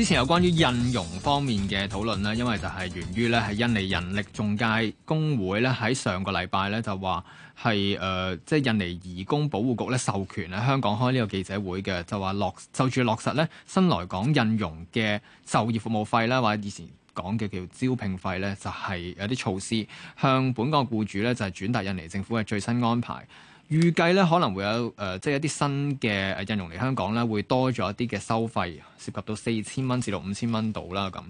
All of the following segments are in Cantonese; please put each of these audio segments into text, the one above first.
之前有關於印傭方面嘅討論咧，因為就係源於咧，係印尼人力中介工會咧喺上個禮拜咧就話係誒，即、呃、係、就是、印尼移工保護局咧授權咧香港開呢個記者會嘅，就話落就住落實咧新來港印傭嘅就業服務費啦，或者以前講嘅叫招聘費咧，就係、是、有啲措施向本港僱主咧就係轉達印尼政府嘅最新安排。預計咧可能會有誒、呃，即係一啲新嘅印傭嚟香港咧，會多咗一啲嘅收費，涉及到四千蚊至到五千蚊度啦。咁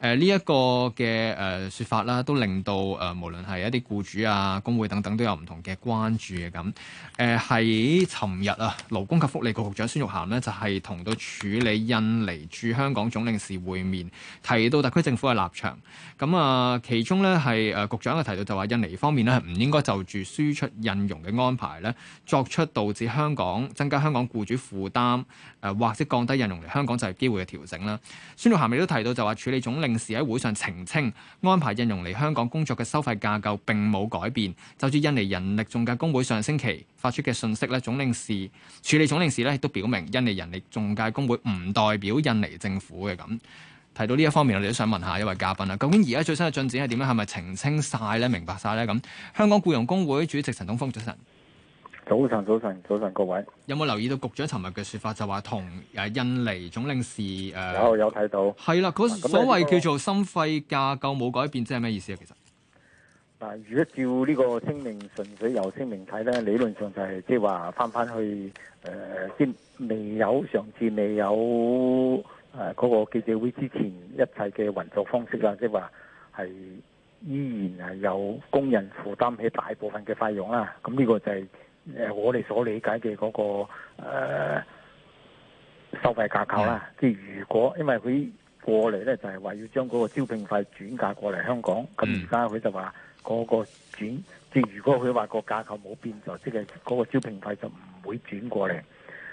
誒呢一個嘅誒説法啦，都令到誒、呃、無論係一啲僱主啊、工會等等都有唔同嘅關注嘅咁。誒係尋日啊，勞工及福利局局，局長孫玉菡呢，就係、是、同到處理印尼駐香港總領事會面，提到特區政府嘅立場。咁啊，其中咧係誒局長嘅提到就話，印尼方面咧係唔應該就住輸出印傭嘅安排咧。作出導致香港增加香港雇主負擔，誒、呃、或者降低印傭嚟香港就業、是、機會嘅調整啦。孫露涵亦都提到就，就話處理總領事喺會上澄清，安排印傭嚟香港工作嘅收費架構並冇改變。就住印尼人力仲介工會上星期發出嘅信息咧，總領事處理總領事咧亦都表明，印尼人力仲介工會唔代表印尼政府嘅咁。提到呢一方面，我哋都想問一下一位嘉賓啦。究竟而家最新嘅進展係點咧？係咪澄清晒咧？明白晒咧？咁香港僱傭公會主席陳東風早晨。主早晨，早晨，早晨，各位有冇留意到局長尋日嘅說法，就話同誒印尼總領事誒有、呃、有睇到係啦。嗰所謂叫做收費架構冇改變，即係咩意思啊？其實嗱，如果照呢個聲明，純粹由聲明睇咧，理論上就係即係話翻翻去誒、呃，先未有上次未有誒嗰、呃那個記者會之前一切嘅運作方式啦，即係話係依然係有工人負擔起大部分嘅費用啦。咁呢個就係、是。誒、呃，我哋所理解嘅嗰、那個、呃、收費結構啦，Yeah. 即係如果因為佢過嚟咧，就係、是、話要將嗰個招聘費轉嫁過嚟香港，咁而家佢就話個個轉，mm. 即係如果佢話個架構冇變就即係嗰個招聘費就唔會轉過嚟。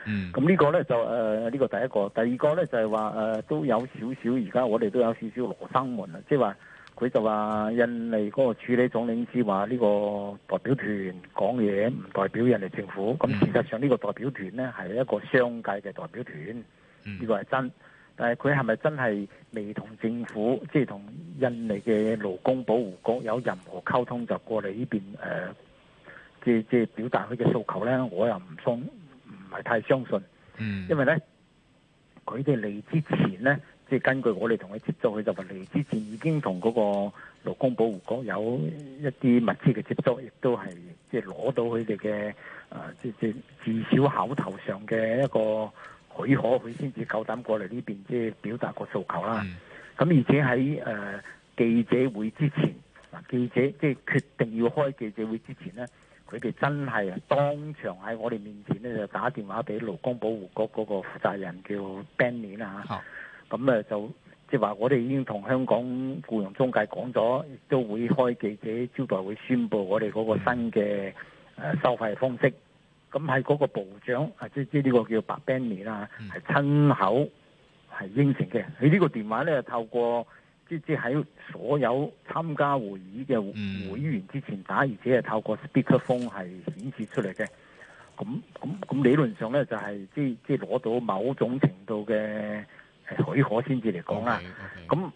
嗯、mm.，咁呢個咧就誒呢、呃這個第一個，第二個咧就係話誒都有少少，而家我哋都有少少羅生門啦，即係話。佢就話：印尼嗰個處理總領事話呢個代表團講嘢唔代表印尼政府。咁事、嗯、實上呢個代表團呢係一個商界嘅代表團，呢個係真。但係佢係咪真係未同政府，即係同印尼嘅勞工保護局有任何溝通就過嚟呢邊？誒、呃，即係即係表達佢嘅訴求呢，我又唔相唔係太相信。嗯、因為呢，佢哋嚟之前呢。即係根據我哋同佢接觸，佢就話嚟之前已經同嗰個勞工保護局有一啲密切嘅接觸，亦都係即係攞到佢哋嘅誒，即係、呃、至少口頭上嘅一個許可許，佢先至夠膽過嚟呢邊即係表達個訴求啦。咁、嗯、而且喺誒、呃、記者會之前，嗱記者即係決定要開記者會之前咧，佢哋真係當場喺我哋面前咧就打電話俾勞工保護局嗰個負責人叫 Benny 啊嚇。咁咧就即係話，就是、我哋已經同香港僱傭中介講咗，亦都會開記者招待會宣佈我哋嗰個新嘅誒、嗯呃、收費方式。咁係嗰個部長，即即呢個叫白 Benny 啦，係親口係應承嘅。佢呢個電話咧，透過即即喺所有參加會議嘅會員之前、嗯、打，而且係透過 speakerphone 係顯示出嚟嘅。咁咁咁理論上咧，就係即即攞到某種程度嘅。許可先至嚟講啊，咁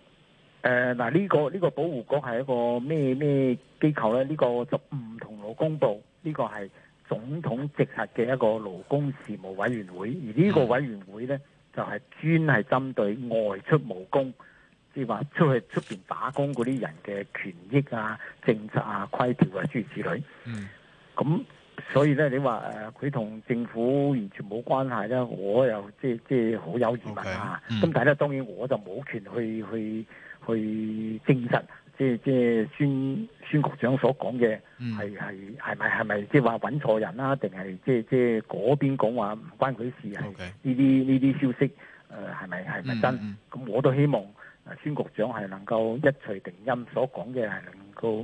誒嗱呢個呢個保護局係一個咩咩機構咧？呢個就唔同勞工部，呢個係總統直轄嘅一個勞工事務委員會，而呢個委員會咧就係專係針對外出務工，即係話出去出邊打工嗰啲人嘅權益啊、政策啊、規條啊諸如此類。嗯，咁。所以咧，你話誒佢同政府完全冇關係咧，我又即即好有疑問嚇。咁、okay. 嗯、但係咧，當然我就冇權去 Okay. 去去證實，即即孫孫局長所講嘅係係係咪係咪即話揾錯人啦，定係即即嗰邊講話唔關佢事啊？呢啲呢啲消息誒係咪係咪真？咁、嗯、我都希望誒孫局長係能夠一錘定音，所講嘅係能夠。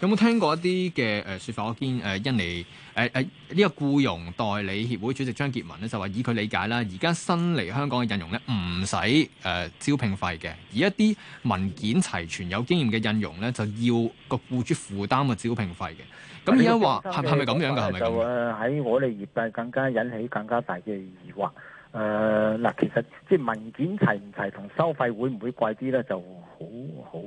有冇聽過一啲嘅誒說法我。我見誒印尼誒誒呢個僱傭代理協會主席張傑文咧就話，以佢理解啦，而家新嚟香港嘅印傭咧唔使誒招聘費嘅，而一啲文件齊全、有經驗嘅印傭咧就要個僱主負擔個招聘費嘅。咁而家話係係咪咁樣㗎？係咪喺、啊啊、我哋業界更加引起更加大嘅疑惑。誒，嗱、呃，其實即係文件齊唔齊同收費會唔會貴啲咧，就好好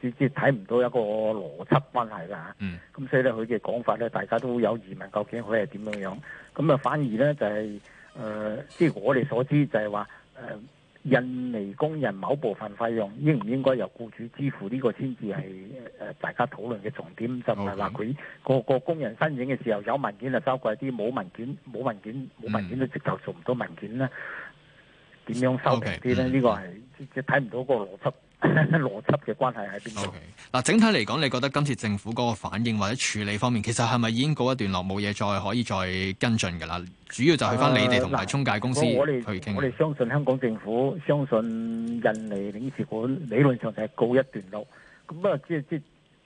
即係睇唔到一個邏輯關係噶吓。嗯，咁所以咧佢嘅講法咧，大家都有疑問，究竟佢係點樣樣？咁、嗯、啊，反而咧就係、是、誒、呃，即係我哋所知就係話誒。呃印尼工人某部分費用應唔應該由僱主支付呢、呢個先至係誒大家討論嘅重點。Okay. 就唔係話佢個個工人申請嘅時候有文件就收貴啲，冇文件冇文件冇文件都直頭做唔到文件咧，點樣收平啲咧？呢 Okay .、mm. 個係即睇唔到個邏輯。邏輯嘅關係喺邊度？嗱，okay. 整體嚟講，你覺得今次政府嗰個反應或者處理方面，其實係咪已經告一段落，冇嘢，再可以再跟進嘅啦？主要就係翻你哋同埋中介公司、呃、我去傾談。我哋相信香港政府，相信印尼領事館，理論上就係告一段落。咁不過，即係即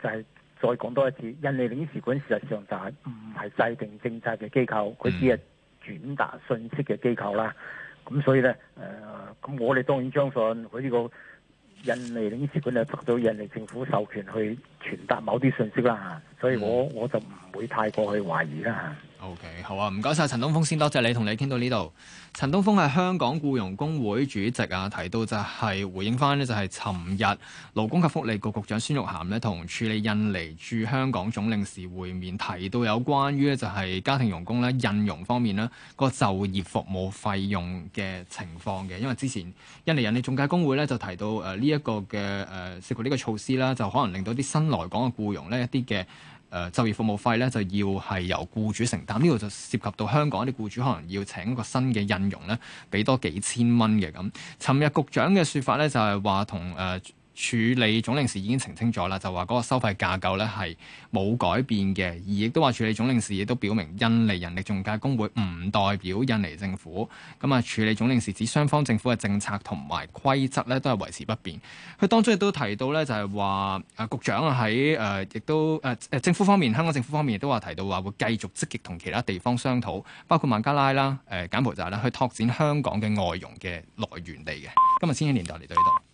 就係、是就是、再講多一次，印尼領事館事實上就係唔係制定政策嘅機構，佢、嗯、只係轉達信息嘅機構啦。咁所以咧，誒、呃，咁我哋當然相信佢呢、這個。印尼領事館就得到印尼政府授權去傳達某啲信息啦。所以我我就唔會太過去懷疑啦 OK，好啊，唔該晒。陳東風先，多謝你同你傾到呢度。陳東風係香港僱傭公會主席啊，提到就係、是、回應翻呢，就係尋日勞工及福利局，局局長孫玉菡呢，同處理印尼駐香港總領事會面，提到有關於呢，就係家庭傭工咧印傭方面咧個就業服務費用嘅情況嘅，因為之前印尼人啲中介工會呢，就提到誒呢一個嘅誒涉及呢個措施啦，就可能令到啲新來港嘅僱傭呢一啲嘅。誒、呃、就業服務費咧就要係由雇主承擔，呢度就涉及到香港啲雇主可能要請一個新嘅印傭咧，俾多幾千蚊嘅咁。尋日局長嘅説法咧就係話同誒。呃處理總領事已經澄清咗啦，就話嗰個收費架構呢係冇改變嘅，而亦都話處理總領事亦都表明印尼人力仲介工會唔代表印尼政府。咁啊，處理總領事指雙方政府嘅政策同埋規則呢都係維持不變。佢當中亦都提到呢，就係話啊局長啊喺誒亦都誒、呃、政府方面，香港政府方面亦都話提到話會繼續積極同其他地方商討，包括孟加拉啦、誒、呃、柬埔寨啦，去拓展香港嘅外傭嘅來源地嘅。今日千禧年代嚟到呢度。